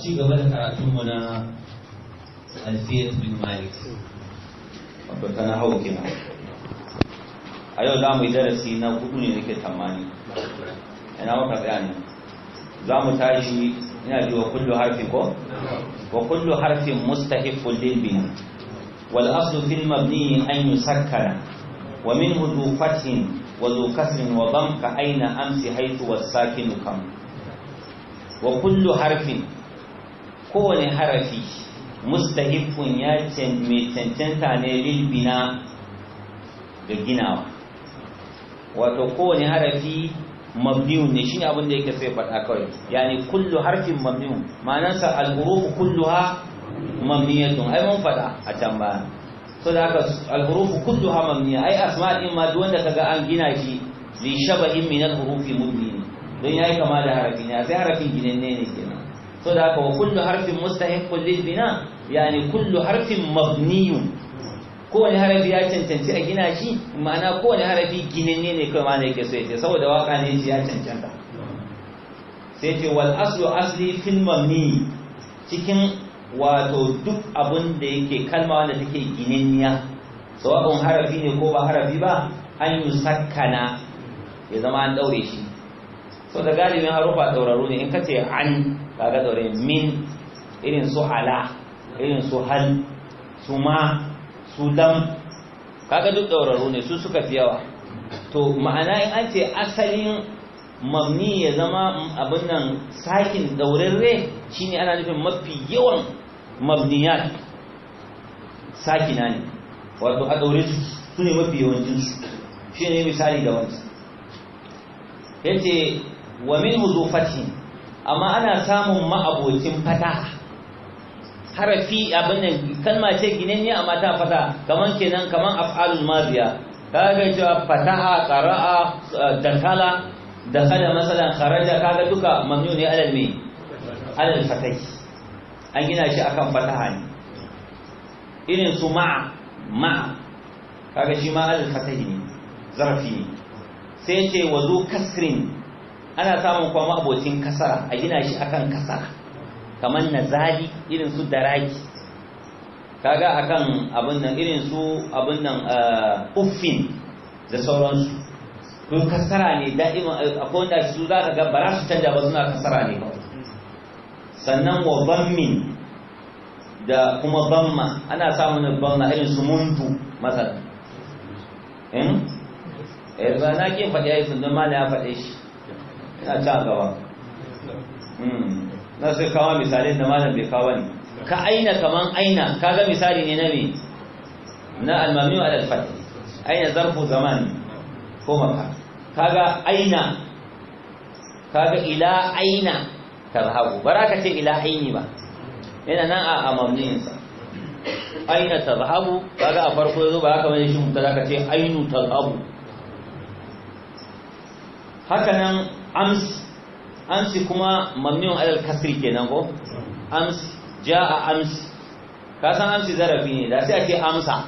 ci gaba da karatunmu na alfiyat bin malik wato ta na hau kenan a yau za mu yi darasi na hudu ne nake tamani ina maka tsaya ne za mu tashi ina ji wa kullu harfi ko wa kullu harfin mustahifun lilbin wal aslu fil mabni an yusakkara wa minhu du fathin wa du kasrin wa dam ka aina amsi haythu was sakinu kam wa kullu harfin kowane harafi mustahifun ya mai cancanta ne lilbina ga ginawa wato kowane harafi mabniyun ne shine abin da yake sai faɗa kawai yani kullu harfin mabniyun ma'anarsa al-hurufu kulluha mabniyatun ai mun faɗa a can baya so da haka al-hurufu kulluha mabniya ai asma'in ma duk wanda kaga an gina shi li shabahin min al-hurufi mubniyin don yayi kama da harafi ya sai harafin ginanne ne kenan so da haka wa kullu harfin mustahiqqun lil bina yani kullu harfin ko wani harafi ya cancanci a gina shi ma'ana ko wani harafi ginanne ne kai ma'ana yake so ce saboda waka ne ya cancanta sai ce wal aslu asli fil mabni cikin wato duk abin da yake kalma wanda take ginanniya sawabin harafi ne ko ba harafi ba an yi sakkana ya zama an daure shi so da galibin harufa dauraru ne in ka ce an kaga daure min irin su ala irin su hal su ma su dam kaga duk dauraru ne su suka fi yawa to ma'ana in an ce asalin mamni ya zama abin nan sakin daurarre shine ana nufin mafi yawan mabniyat sakina ne wato a daure su ne mafi yawancin shi shine misali da wancan yace wa minhu zu amma ana samun ma'abocin fata harafi abin nan kalma ce ginanne amma ta fata kaman kenan kaman af'alul madiya kaga cewa fataha qara'a dakala dakala masalan kharaja kaga duka mamnu ne alal mai. alal fatai an gina shi akan fataha ne irin su ma'a ma'a kaga shi ma alal fatai ne zarafi ne sai ce wazu kasrin ana samun kuma abocin kasara a gina shi akan kasara kamar nazali irin su daraki kaga akan abin nan irin su abin nan eh, uffin da sauransu don kasara ne da'ima eh, akwai wanda su za ka ga ba su canja ba suna kasara ne ba sannan wa bammin da kuma bamma ana samun bamma irin su muntu masar in? Eh? na kin faɗi ya yi sundun don ma ya faɗe shi ina ta gaba hmm. na sai kawo misalin da malam bai kawo ne ka aina kaman aina kaga misali ne na me na almami ala alfat aina zarfu zaman ko maka kaga aina kaga ila aina tazhabu baraka ce ila aini ba yana nan a amamninsa aina ta tazhabu kaga a farko zo ba haka bane shi mutalaka ce ainu tazhabu haka nan amsi amsi kuma mamnun alal kasri kenan ko amsi jaa amsi ka san amsi zarafi ne da sai ake amsa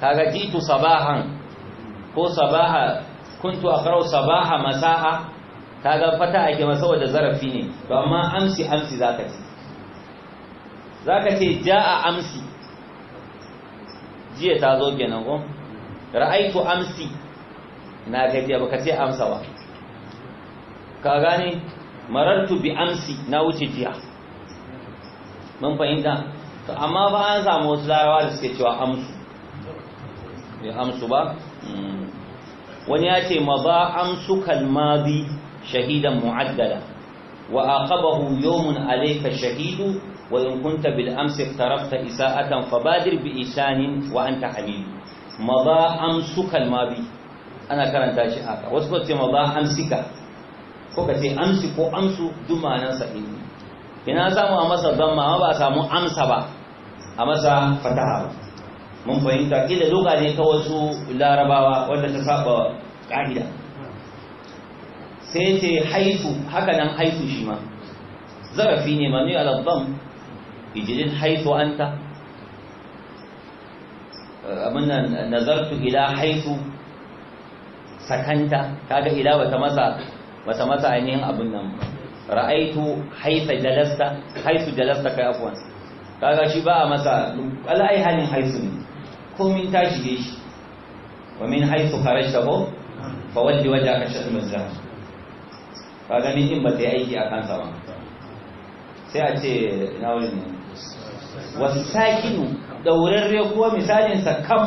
kaga jitu sabahan ko sabaha kuntu aqra'u sabaha masaha kaga fata ake masa wanda zarafi ne to amma amsi amsi zaka ce zaka ce jaa amsi jiya ta zo kenan ko ra'aitu amsi na gajiya ka ce amsa ba ka gane marartu bi amsi na wuce jiya mun fahimta to amma ba an samu wasu larawa da suke cewa amsu ya amsu ba hmm. wani ya ce ma ba amsu kalmazi shahidan mu'addala wa aqabahu yawmun alayka shahidu wa in kunta bil amsi tarafta isa'atan fabadir bi isanin wa anta hamid ma ba amsu kalmazi ana karanta shi haka wasu ba ce ma ba amsika ko ka ce amsi ko amsu duk sa ɗin ina samu a masa zama? amma ba samu amsa ba a masa fataha ba mun fahimta kila duka ne ta wasu larabawa wanda ta saba ka'ida sai ce haifu haka nan haifu shi ma zarafi ne manu ala dham ijlin haifu anta abinda nazartu ila haifu sakanta kaga ila ta masa bata masa ainihin abin nan ra'aitu haifa jalasta haisu jalasta kai afwan kaga shi ba a masa alai halin haisu ne Ko min ta shige shi wa min haisu kharajta ko fa walli wajhaka shatr al-masjid kaga ni din ba ta yi aiki a kansa ba sai a ce na wurin ne wasakinu daurarre kuwa misalinsa kam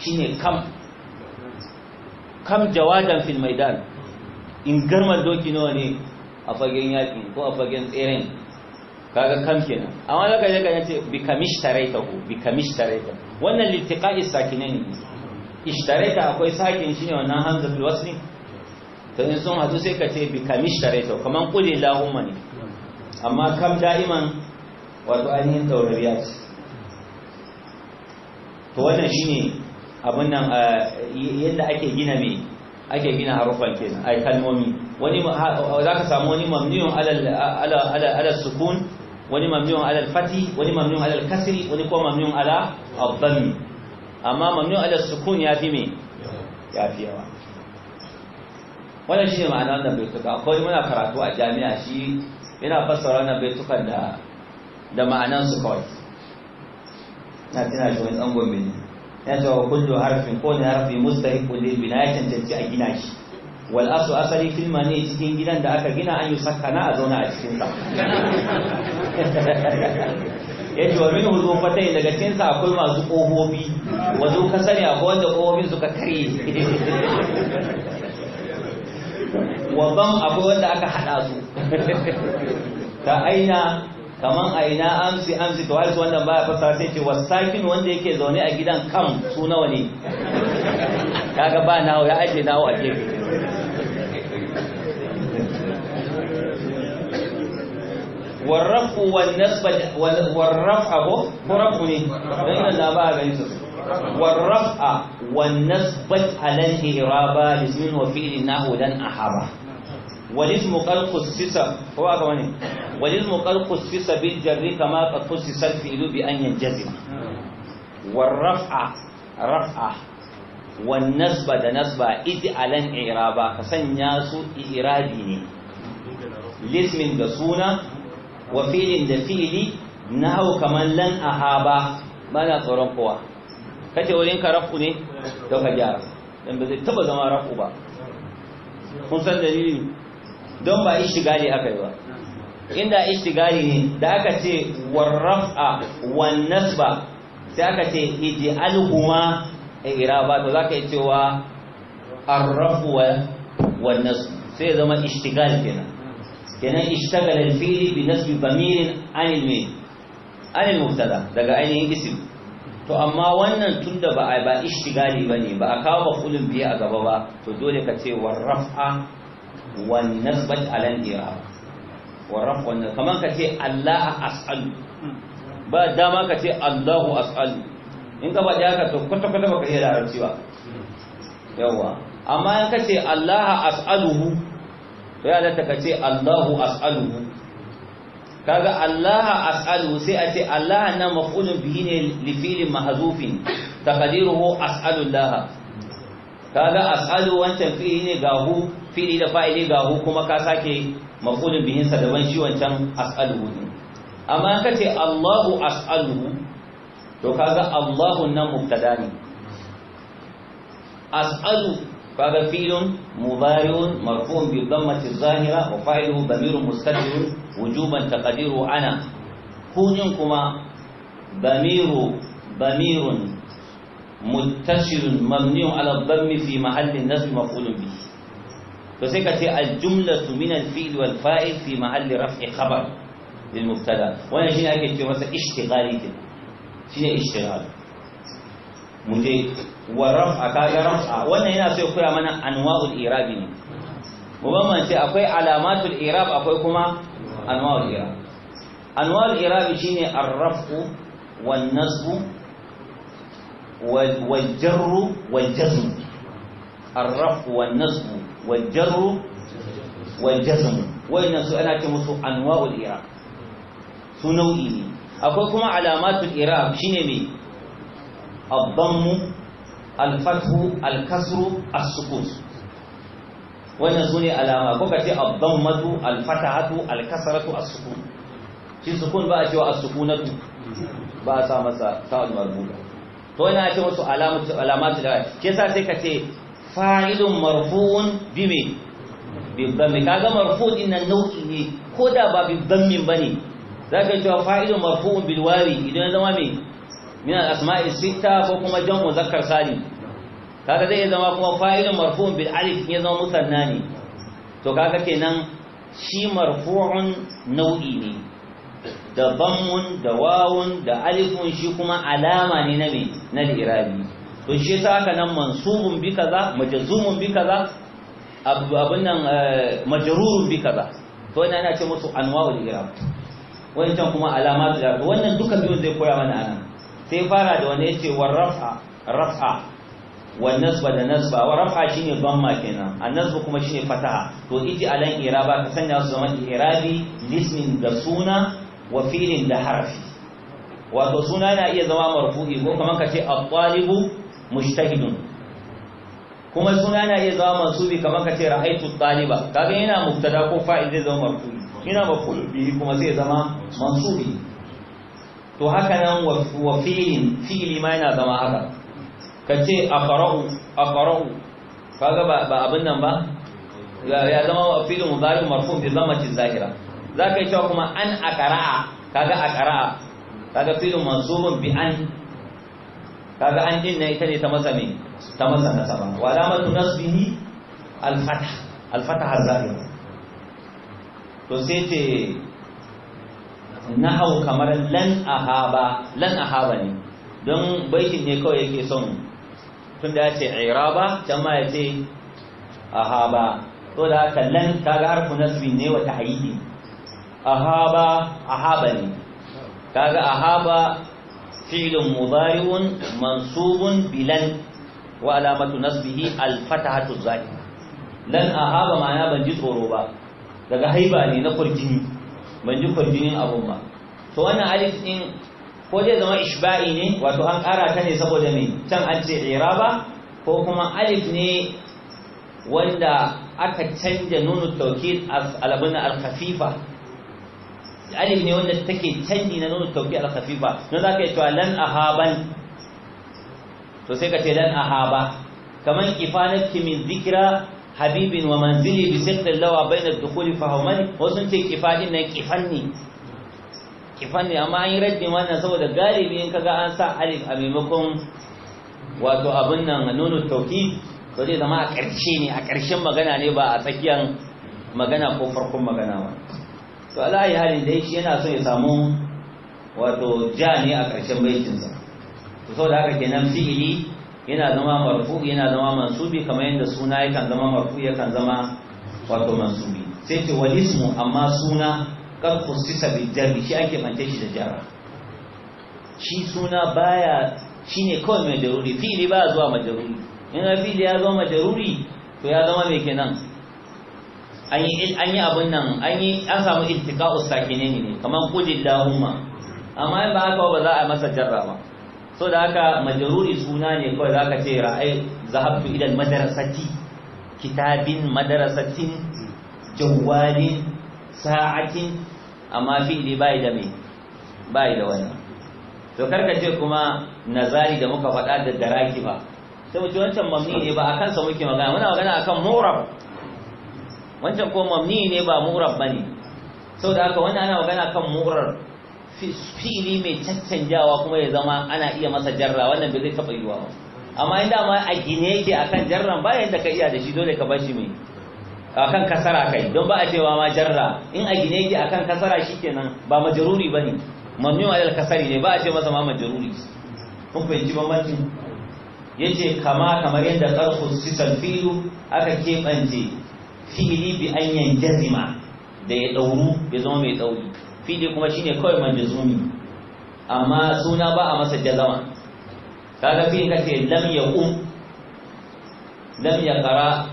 shine kam kam jawadan fil maidan in garmar doki nawa ne a fagen yaƙi ko a fagen tseren kaga kam kenan amma zaka je kan ce bi kamishtaraita ku bi kamishtaraita wannan litiqa'i ne ishtaraita akwai sakin shine wannan hamzatul wasli to in sun hadu sai ka ce bi kamishtaraita kaman qul illahumma ne amma kam da'iman wato ainihin taurariya ce to wannan shine abin nan eh, yadda ake gina mai ake gina harufan kenan ai kalmomi wani zaka samu wani mamniyun ala ala sukun wani mamniyun ala fati wani mamniyun ala al-kasri wani kuma mamniyun ala al-dhammi amma mamniyun ala sukun ya fi me ya fi yawa wannan shine ma'ana wannan baituka akwai muna karatu a jami'a shi yana fassara wannan baitukan da da ma'anan su kawai na tana shi wani tsangon bene yanzu wa kullu harfin ko ne harfi mustahiqun lil bina ya cancanci a gina shi wal asu asali fil mani cikin gidan da aka gina an yi sakana a zauna a cikin sa yanzu wa minhu zufatai daga cikin sa akwai masu kohobi wazo ka sani akwai wanda kohobin suka kare wa bam akwai wanda aka hada su ta aina kaman a ina amsi amsi to walisu wannan baya fasara sai ce wasakin wanda yake zaune a gidan kam su nawa ne kaga ba nawo ya aje nawo a gefe والرفع والنصب والرفع هو رفع ne dan na ba ga yusuf والرفع والنصب على الاعراب لازم والاسم قد خصص هو هذا وين والاسم قد خصص بالجر كما قد خصص الفعل بان ينجزم والرفع رفع والنصب ده نصب اجعلن اعرابا كسنيا سو اعرابي ني لاسم ده سونا وفعل ده فعلي نحو كمان لن اهابا bana tsoron kowa kace wurin ka rafu ne to ka gyara dan ba zai taba zama rafu ba kun san dalili don ba ishtigali aka yi ba inda ishtigali ne da aka ce warraf'a wan nasba sai aka ce ij'alhuma iraba to zaka yi cewa arrafu wan nasb sai zama ishtigal kenan kenan ishtagala al-fi'l bi nasbi damirin anil mubtada daga ainihin isim to amma wannan tunda ba ba ishtigali bane ba a kawo mafulin biya a gaba ba to dole ka ce warraf'a wan nasbat ala al-i'rab wa raf wan kaman kace Allah as'alu ba dama Allahu as'alu in ka faɗi haka to kwata kwata baka iya larabci ba yawa amma in kace Allah kaga Allah as'alu sai a ce Allah na maf'ulun bihi ne li ta mahzufin taqdiruhu as'alu Allah kaga as'alu wancan fi'li ne ga hu fi'li da fa'ili ga hu kuma ka sake mafulin bihin sa daban shi wancan as'aluhu ne amma ka ce Allahu as'aluhu to kaga Allahu nan mubtada ne as'alu kaga filun mubariyun marfu'un bi dhammati zahira wa fa'iluhu damirun mustatir wujuban taqdiru ana kunin kuma damiru damirun متصل مبني على الضم fi محل النصب مفعول به فسكتي الجملة من الفيل والفائل في محل رفع خبر للمبتدا وانا شنو هيك تي مثلا اشتغالي تي شنو اشتغال مجي ورفع كاجا رفع وانا هنا سوي كل معنى انواع الايراب ني وبما انت اكو علامات الايراب اكو كما انواع الايراب انواع الايراب شنو الرفع والنصب والجر والجزم الرف والنصب والجر والجزم وإن سؤالات مسو أنواع الإراب سنوئي إيه. أقولكم علامات الإراب شنمي الضم الفتح الكسر السكوت وإن سني علامة كوكتي الضمة الفتحة الكسرة السكون في سكون بقى شوى السكونة بقى سامسا سامسا مربوطة to ina ce musu alamatu alamatu da ke sa sai ka ce fa'ilun marfu'un bime bidammi kaga marfu' din nan nau'i ko da ba bidammin bane zaka cewa fa'ilun marfu'un bil wawi idan zama me min al asma'i ko kuma jam'u zakkar salim kaga zai zama kuma fa'ilun marfu'un bil alif ya zama musanna ne to kaga kenan shi marfu'un nau'i ne da bamun, da wawun da alifun shi kuma alama ne na me na irabi to shi yasa haka nan mansubun bi kaza majzumun bi kaza abun nan eh, majrurun bi kaza to wannan ana ce musu anwa'ul i'rab wannan kuma alamatul i'rab wannan duka biyun zai koya mana anan sai fara da wanda yace war raf'a wa nasba da nasba wa raf'a shine dhamma kenan annasbu kuma shine fataha to iji alan i'raba ka sanya su zaman i'rabi lismin da suna wa fi'lin da harfi wato suna na iya zama marfu'i ko kaman ce at-talibu mujtahidun kuma suna na iya zama mansubi kamar kace ce ra'aitu taliba kaga yana mubtada ko fa'il zai zama marfu yana maful bihi kuma zai zama mansubi to haka nan wa fi'lin fi'li ma yana zama haka kace aqra'u aqra'u kaga ba ba abin nan ba ya zama fi'lun mudari marfu bi dhammati zahira zaka yi cewa kuma an aqra'a kaga aqra'a kaga fi'lun mansubun bi an kaga an din na ita ne ta masa me ta masa nasaba wa alamatu nasbihi al-fath al-fath az-zahir to sai ce hau kamar lan ahaba lan ahaba ne don baitin ne kawai yake son tun da ya ce iraba can ma ya ce ahaba to da haka lan kaga harfu nasbi ne wata tahyidi ahaba ahaba ne kaga ahaba fi'lun mudari'un mansubun bilan wa alamatu nasbihi al-fatahatu zahira lan ahaba ma'ana ban ji tsoro ba daga haiba ne na kurjini ban ji kurjinin abun ba to wannan alif ɗin ko zai zama ishba'i ne wato an ƙara ta ne saboda mai can an ce iraba ko kuma alif ne wanda aka canza nunu tawkid as alabuna al-khafifa alif ne wanda take canji na nuna tawbi al-khafifa don zaka yi to lan ahaban to sai ka ce lan ahaba kaman kifanatki min zikra habibin wa manzili bi sirri lawa bayna ad-dukhuli fa humani sun ce kifadin nan kifanni kifanni amma an yi raddin wannan saboda galibi in kaga an sa alif a maimakon wato abin nan nunu tauki to zai zama a ƙarshe ne a ƙarshen magana ne ba a tsakiyan magana ko farkon magana ba to ala ya halin dai shi yana so ya samu wato ja ne a ƙarshen baitinsa to aka haka nan fi'ili yana zama marfu yana zama mansubi kamar yadda suna yakan zama marfu yakan zama wato mansubi sai ce wal ismu amma suna kan kusisa bi jarri shi ake manta shi da jarra shi suna baya shine kawai mai daruri fi'ili ba zuwa majaruri yana fi'ili ya zama majaruri to ya zama mai kenan an yi abin nan an yi an samu iltiqa'u sakinaini ne kamar qulillahumma amma in ba haka ba za a masa jarra ba so da haka majruri suna ne kawai zaka ce ra'ay zahabtu ila madrasati kitabin madrasatin jawwalin sa'atin amma li bai da me bai da wani to karka ce kuma nazari da muka faɗa da daraki ba sai mutum wancan mamni ne ba akan sa muke magana muna magana akan murab wancan ko mamni ne ba murar Sau da haka wani ana magana kan murar fili mai cancanjawa kuma ya zama ana iya masa jarra wannan bai zai taɓa yi ba amma in ma a gine yake kan jarran ba yadda ka iya da shi dole ka ba shi mai a kan kasara kai don ba a cewa ma jarra in a gine yake kan kasara shi nan ba majaruri ne. bane mamnu alal kasari ne ba a ce masa ma majaruri. kun fahimci bambancin yace kama kamar yadda qarqus sisal filu aka keɓance. fili bi an jazima da ya dauru ya zama mai tsauri fili kuma shine kawai jazumi amma suna ba a masa jazama kaga fili ka ce lam kum, lam kara,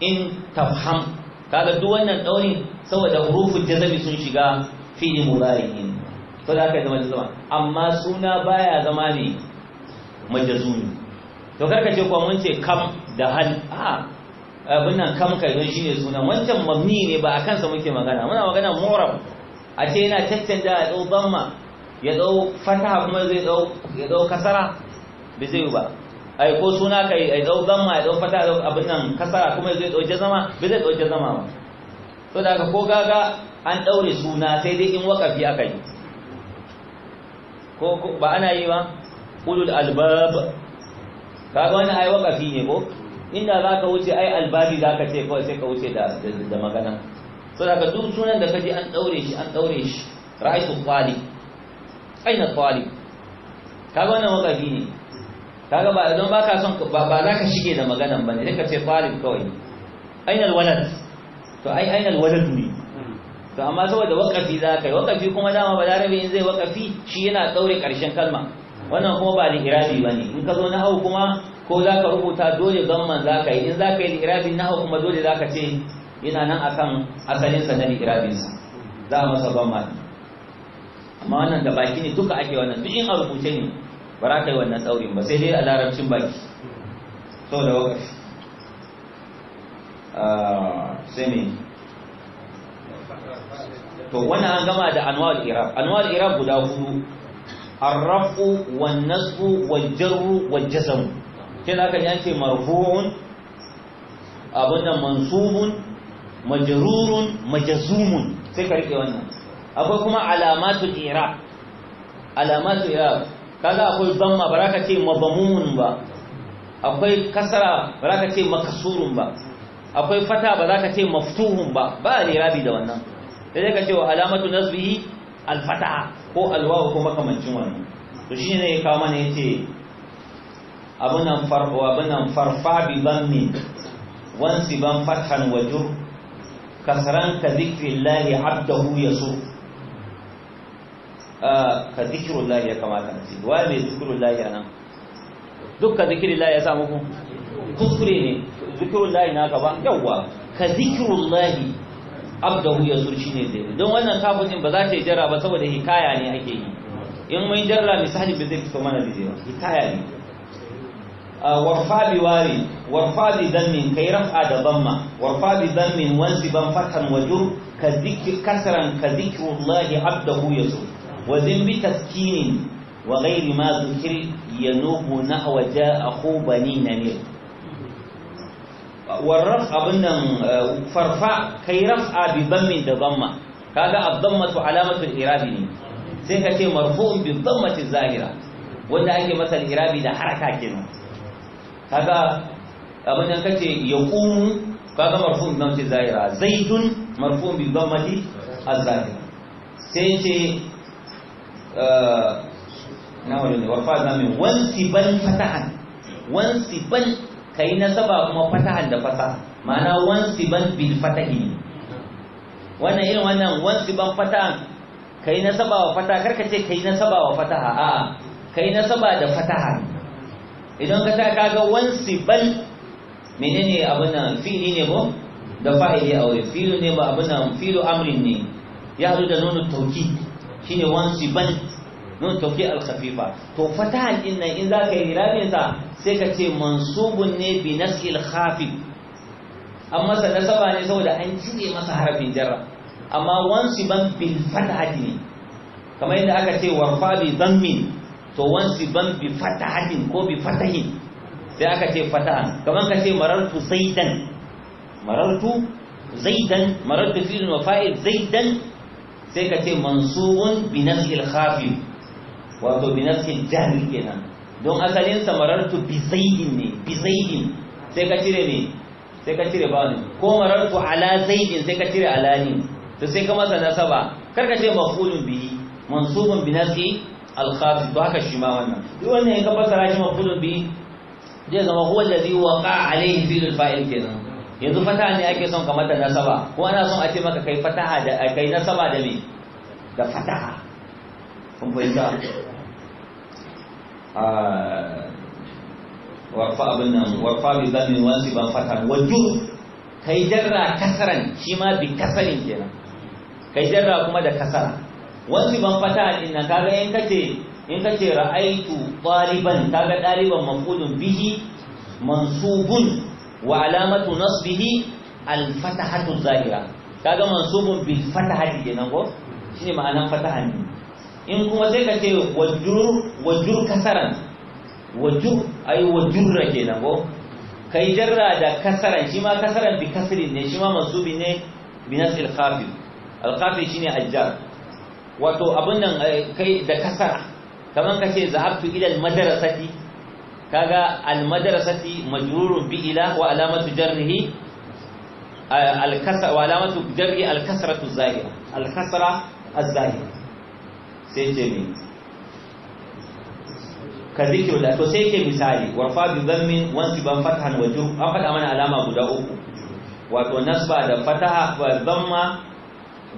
in tafham kaga duk wannan daurin saboda hurufun jazami sun shiga fili mudari'in to da aka zama jazama amma suna baya zama ne majazumi to karka ce kuma mun ce kam da hal a abin nan kam kai don shine sunan wancan mabni ne ba akan sa muke magana muna magana murab a ce yana cancanta ya dau damma ya dau fataha kuma zai dau ya dau kasara bai zai ba ai ko suna kai ai dau damma ya dau fataha dau abin nan kasara kuma zai dau jazama bai zai dau jazama ba to da ko gaga an daure suna sai dai in wakafi aka yi ko ba ana yi ba ulul albab ga wannan ai wakafi ne ko inda za ka wuce ai albabi za ka ce kawai sai ka wuce da magana so da ka duk sunan da kaji an daure shi an daure shi ra'aisu kwali aina kwali ga wannan wakafi ne ga ba don baka son ba ba za ka shige da maganan bane sai ka ce kwali kawai aina walad to ai aina walad ne to amma saboda wakafi za ka yi wakafi kuma dama ba da larabi in zai wakafi shi yana daure ƙarshen kalma wannan kuma ba li'irabi ba ne in ka zo na hau kuma ko za ka rubuta dole zamman za ka yi in za ka yi li'irabin na hau kuma dole za ka ce yana nan akan asalinsa na li'irabinsa za a masa zamma amma wannan da baki ne duka ake wannan duk in a rubuce ne ba za ka yi wannan tsaurin ba sai dai a larabcin baki saboda wakafi ah, sai ne to wannan an gama da anwar irab anwar irab guda hudu arrafu wan nasbu wal jarru da jazm kina kan yace marfu'un abin da mansubun majrurun majzumun sai ka rike wannan akwai kuma alamatu ira. alamatul i'rab kaga akwai zamma baraka ce mabmumun ba akwai kasara ba baraka ce makasurun ba akwai fata ba za ka ce maftuhun ba ba a rabi da wannan sai ka ce wa alamatu nasbihi alfata ko alwawu ko makamancin wani to shi ne ya kawo mana ya ce abunan farfa bi ban zammi wansi ban fathan wajur kasran ka zikrillahi abdahu yasu ah, ka zikirin zikrullahi ya kamata na ce wa mai zikrullahi anan duk ka zikrillahi ya samu ku kuskure ne zikirin zikrullahi na gaba yawwa ka zikirin zikrullahi abdahu yazur ne zai don wannan kafin ba za ta yi jarra ba saboda hikaya ne ake yi in mun jarra misali ba zai fito mana da ba hikaya ne ah, warfa bi wari warfa bi dammin kai rafa da bamma warfa bi dammin wanzi ban fatan wajur ka zikir kasaran ka zikrullahi abdahu yazur wa zin taskinin wa ghairi ma zikir a ko ja'a bani namir والرفع ابن آه، فرفع كي رفع آه، بضم تضم كذا الضمة علامة الإرابي سينك شيء مرفوع بالضمة الظاهرة وانا اجي مثلا إرابي ده حركة كنا كذا ابن ينك يقوم كذا مرفوع بالضمة الظاهرة زيد مرفوع بالضمة الظاهرة سينك شيء آه... نعم ورفع ضم وانسبا فتحا وانسبا kai nasaba kuma fatahan da fata ma'ana wansiban bil fatahi wannan irin wannan ban fatahan kai nasaba wa fataha karka ce kai nasaba wa fataha a'a kai nasaba da fataha idan ka ta kaga wansibal menene abin nan fi'li ne ba da fa'ili aure fi'lu ne ba abin nan fi'lu amrin ne ya hadu da nunu tawkid shine ban. nun tawqi'a al-khafifa to fatahan din nan in zaka yi ramin sa sai ka ce mansubun ne bi nasl khafi amma sa nasaba ne saboda an cire masa harafin jarra amma wansiban bil fatahati ne kamar yadda aka ce warfa bi dhammin to wansi ban bi fatahatin ko bi fatahin sai aka ce fatahan kamar ka ce marartu zaidan marartu zaidan marartu fi'l wa fa'il zaidan sai ka ce mansubun bi nasl khafi wato bi nafsi kenan don asalin sa tu bi zaidin ne bi sai ka cire ne sai ka cire ba ko marar marartu ala zaidin sai ka cire ala ne to sai ka masa nasaba kar ka ce mafulun bihi mansubun bi nafsi al-khafi to haka shi ma wannan duk wannan in ka fasara shi mafulun bihi zai zama huwa allazi waqa alayhi fi'l fa'il kenan yanzu fataha ne ake son ka mata nasaba ko ana son a ce maka kai fataha da kai nasaba da me da fataha kun fahimta a ah, warfa abin nan warfa bi zamin wansi ban fata wajur kai jarra kasaran shi ma bi kasarin kenan kai jarra kuma da kasara wansi ban fata din nan kaga in kace in kace ra'aitu taliban kaga taliban mafulun bihi mansubun wa alamatu nasbihi al-fatahatu zahira kaga mansubun bil fatahati kenan ko shine ma'anan fatahan in kuma sai ka ce wajur kasaran wajur ai wajurra kenan ko kai jarra da kasaran shi ma kasaran bi kasrin ne shi ma mansubi ne bi nasl khafi al khafi shine ajjar wato abin nan kai da kasara kaman kace zahabtu ila al madrasati kaga al madrasati majrurun bi ila wa alamatu jarrihi al kasra wa alamatu jarri al kasratu zahira al kasra az zahira sai ce ne ka zikir da to sai ke misali warfa bi zammin wansu ban fatahan wa jur an faɗa mana alama guda uku wato nasba da fataha ba zamma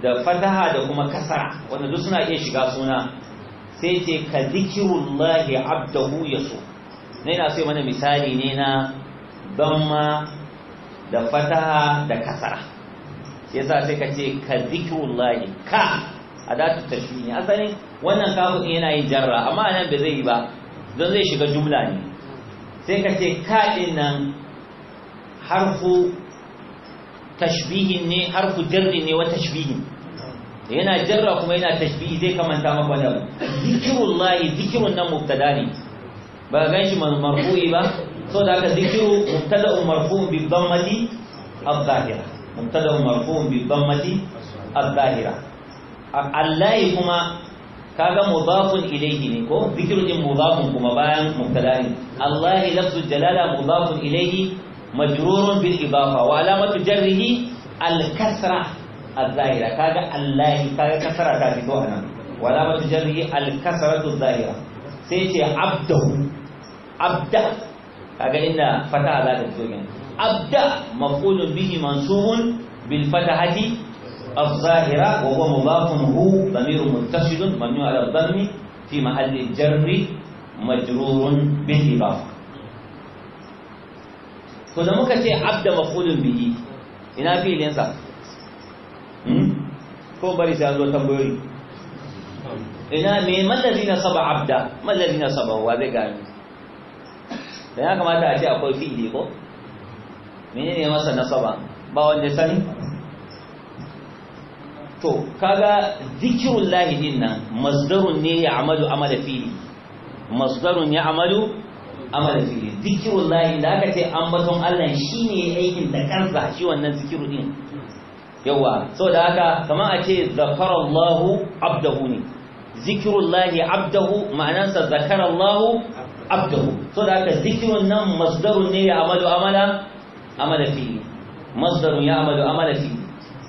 da fataha da kuma kasara wanda duk suna iya shiga suna sai ce ka lahi abdahu ya ne na sai mana misali ne na zamma da fataha da kasara yasa sai ka ce ka lahi ka adatu tashbihi ne asalin wannan kafin yana yin jarra amma nan ba zai yi ba don zai shiga jumla ne sai ka ce ka din nan harfu tashbihin ne harfu jarri ne wa tashbihin yana jarra kuma yana tashbihi zai kamanta maka da zikirullahi zikirun nan mubtada ne ba gan shi marfu'i ba so da haka zikiru mubtada'un marfu'un bi dhammati al-zahira mubtada'un marfu'un bi dhammati al-zahira allahi kuma kaga mudafun ilayhi ne ko zikirun din mudafun kuma bayan mubtada ne allahi lafzu jalala mudafun ilayhi majrurun bil idafa wa alamatu jarrihi al kasra zahira kaga allahi kaga kasra ta fito anan wa alamatu jarrihi al kasratu zahira sai ce abda kaga inda fata abda maf'ulun bihi mansubun bil الظاهرة وهو مضاف هو ضمير متصل مبني على الضم في محل الجر مجرور بالإضافة كنا muka ce abda mafulun bihi ina fi'ilin sa ko bari sai zo tambayoyi ina me mallazina saba abda mallazina saba wa zai gani dan ya kamata a ce akwai fi'ili ko menene masa nasaba ba wanda sani to kaga zikirun lahidin nan masdarun ne ya amalu amala fili masdarun ya amalu amala fili zikirun lahi da aka ce ambaton Allah shi ne aikin da kansa shi wannan zikiru din yawa sau da haka kamar a ce zakarallahu abdahu ne zikirun lahi abdahu ma'anansa zakarallahu abdahu Sau da haka zikirun nan masdarun ne ya amalu amala amala fili masdarun ya amalu amala fili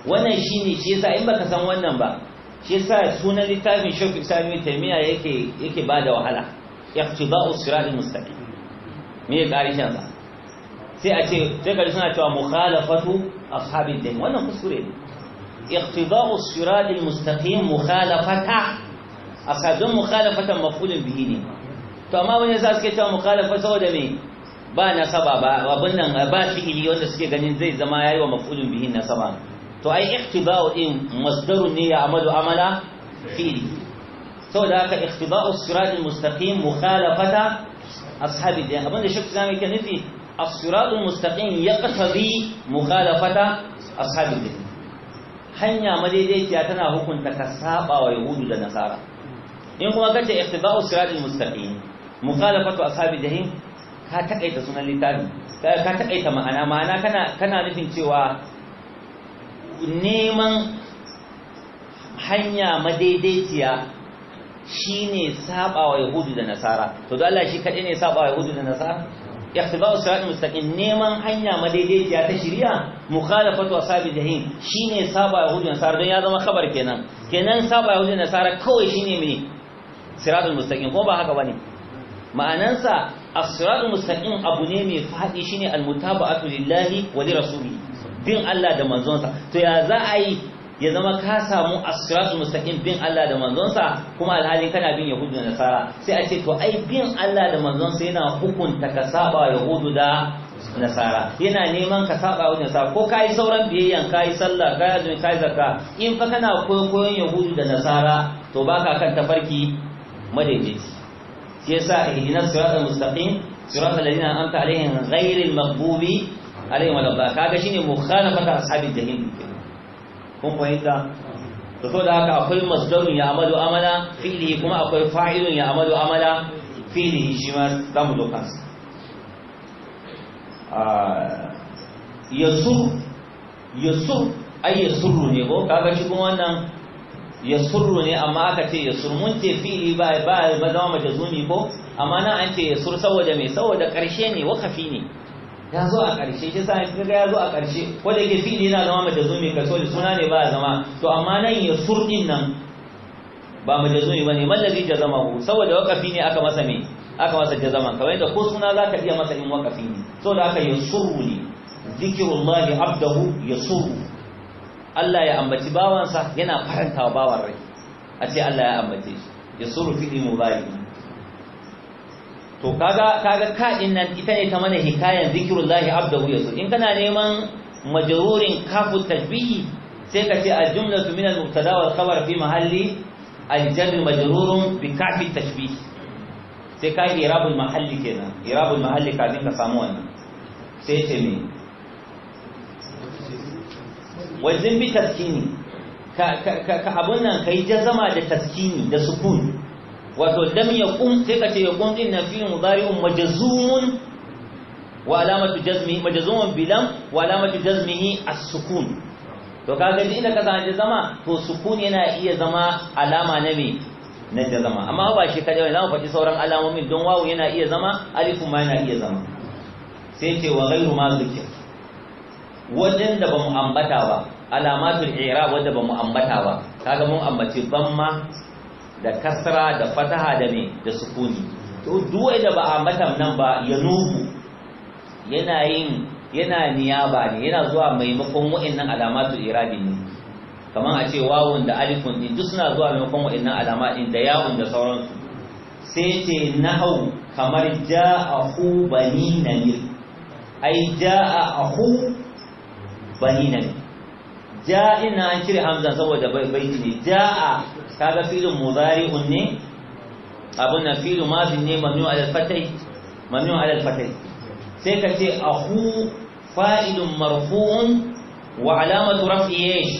wannan shine shi yasa in baka san wannan ba shi yasa sunan littafin Sheikh Islam Ibn Taymiyyah yake ba da wahala iqtida'u siratal mustaqim me ya karishin sa sai a ce sai karshe suna cewa mukhalafatu ashabid din wannan kuskure ne iqtida'u siratal mustaqim mukhalafata ashabun mukhalafatan maf'ulun bihi ne to amma wani yasa suke cewa mukhalafa saboda me ba nasaba ba abin nan ba fi'ili wanda suke ganin zai zama yayi wa maf'ulun bihi nasaba to ai ikhtiba'u din masdarun ne ya amalu amala fi'li da haka ihtiba'u siratul mustaqim mukhalafata ashabi din abinda shi zamu yake nufi as-siratul mustaqim yaqtadi mukhalafata ashabi din hanya madaidaiciya tana hukunta ka saba wa yahudu da nasara in kuma kace ihtiba'u siratul mustaqim mukhalafatu ashabi jahim ka takaita sunan littafi. ka takaita ma'ana ma'ana kana kana nufin cewa neman hanya madaidaiciya shine sabawa yahudu da nasara to don Allah shi kaɗai ne sabawa yahudu da nasara ihtiba'u siratal neman hanya madaidaiciya ta shirya shari'a mukhalafatu ashabi jahim shine saba yahudu da nasara don ya zama khabar kenan kenan saba yahudu da nasara kawai shine mai siratal mustaqim ko ba haka bane ma'anansa as-siratal mustaqim abu ne mai fadi shine al-mutaba'atu lillahi wa li rasulihi bin Allah da manzonsa to ya za a yi ya zama ka samu asiratul mustaqim bin Allah da manzonsa kuma alhalin kana bin yahudu da nasara sai a ce to ai bin Allah da manzonsa yana hukunta ka saba yahudu da nasara yana neman ka saba wa nasara ko kai sauran biyayyan kai sallah kai azumi kai zakka in fa kana koyon yahudu da nasara to baka kan tafarki madaidaici shi yasa ihdinas siratal mustaqim siratal ladina an'amta alaihim ghairil maghdubi alaihim wadda kaga shine mukhalafata ashabil jahim kun fahimta to so da haka akwai masdarun ya amalu amala fi'lihi kuma akwai fa'ilun ya amalu amala fi'lihi shi ma zamu zo kansa yasur yasur ai yasurru ne ko kaga shi kuma wannan yasurru ne amma aka ce yasur mun ce fi'li ba ba zama majazumi ko amma na an ce yasur saboda me saboda karshe ne wakafi ne ya zo a ƙarshe shi sa ka ga ya zo a ƙarshe wanda yake fi'ili yana zama majazumi ka so suna ne ba zama to amma nan ya surdin nan ba majazumi bane mallazi jazamahu saboda waqafi ne aka masa me aka masa jazama kamar da ko suna zaka iya masa in waƙafi ne saboda aka yasuru ne zikrullahi abdahu yasuru Allah ya ambaci bawansa yana faranta wa bawan rai a ce Allah ya ambace shi yasuru fi'li mubari to kaga kaga ka nan ita ne ta mana hikayan zikrullahi abdahu yasu in kana neman majrurin kafu tashbihi sai ka ce al-jumlatu min al-mubtada wal khabar fi mahalli al-jar majrurun bi kafi tashbih sai ka yi irabul mahalli kenan irabul mahalli kafin ka samu wannan sai ce me wajen bi taskini ka abun nan kai jazama da taskini da sukuni wato lam yaqum sai ka ce yaqum din na fi'il wa alamatu jazmihi bilam wa alamatu jazmihi as-sukun to kaga inda ka sanje zama to sukun yana iya zama alama na me na jazama amma ba shi kadai zamu faɗi sauran alamomin don wawu yana iya zama alifu ma yana iya zama sai ce wa ghairu ma zikir wadanda bamu ambata ba alamatul i'rab wadanda bamu ambata ba kaga mun ambaci zamma da kasra da fataha da ne da sukuni to duwai da ba a matan nan ba ya nubu. yana yin yana niyaba ne yana zuwa maimakon wa'annan alamatu irabi ne kamar a ce wawun da alifun din duk suna zuwa maimakon wa'annan alama din da yawun da sauransu sai ce nahau kamar hu bani namir ai ja'a hu bani namir ja'ina an cire hamza saboda bai ne ja'a kaga filin muzari'un ne abun nan filu mazin ne mamnu ala fatai mamnu sai ka ce ahu fa'ilun marfu'un wa alamatu raf'ihi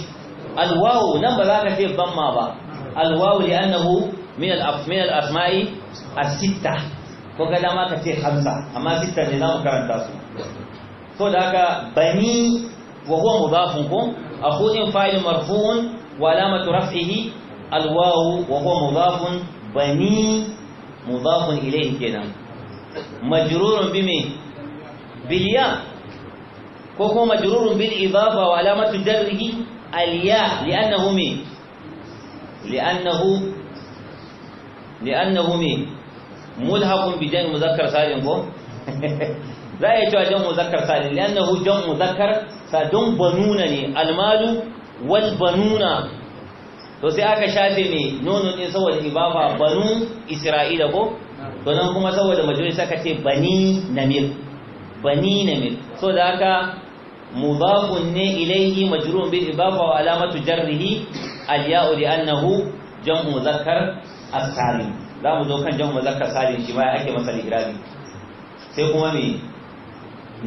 alwaw nan ba za ka ce bamma ba alwaw li'annahu min al min al asma'i as-sitta ko ga dama ka ce hamsa amma sitta ne za mu karanta su da bani wa huwa ko ahu in fa'ilun marfu'un wa alamatu raf'ihi الواو وهو مضاف بني مضاف إليه كده مجرور بمي بالياء وهو مجرور بالإضافة وعلامة جره الياء لأنه مي لأنه لأنه مي ملحق بجن مذكر سالم لا يتوى جن مذكر سالم لأنه جن مذكر فدن بنونني المال والبنون to sai aka shafe mai nono din saboda ibafa banu isra'ila ko donan kuma saboda majalis aka ce bani namir bani namir So da haka mudafun ne ilayhi majrun bil ibafa wa alamatu jarrihi al ya'u li annahu jam'u muzakkar as-salim zamu zo kan jam'u muzakkar salim shi ma ake masa ligrabi sai kuma me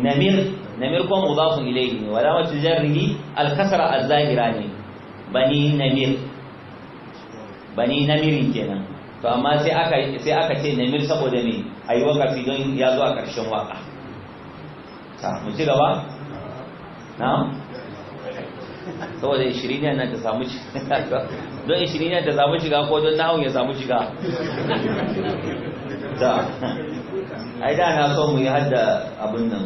namir namir kuma mudafun ilayhi wa alamatu jarrihi al kasra az-zahira ne bani namir bani namirin kenan to amma sai aka sai aka ce namir saboda me ayi fi don ya zo a karshen waka ta mu ci gaba na saboda ishiriniya nan ta samu shiga don ishiriniya ta samu shiga ko don nawo ya samu shiga da ai da na so mu yi hadda abin nan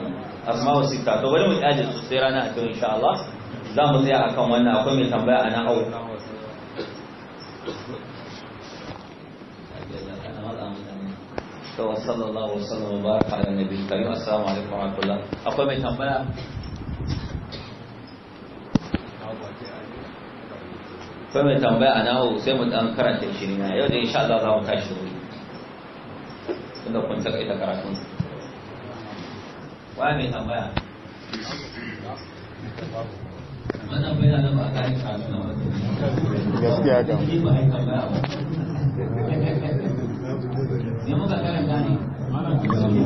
asma'u sita to bari mu kaje su sai rana a cikin insha Allah za mu tsaya akan wannan akwai mai tambaya a nan to sallallahu alaihi akwai mai tambaya akwai mai tambaya a sai mu dan karanta shi ne yau da insha Allah za mu tashi wuri tunda kun saka ita wa mai tambaya wannan bayan da ba na wata يموت كلام ثاني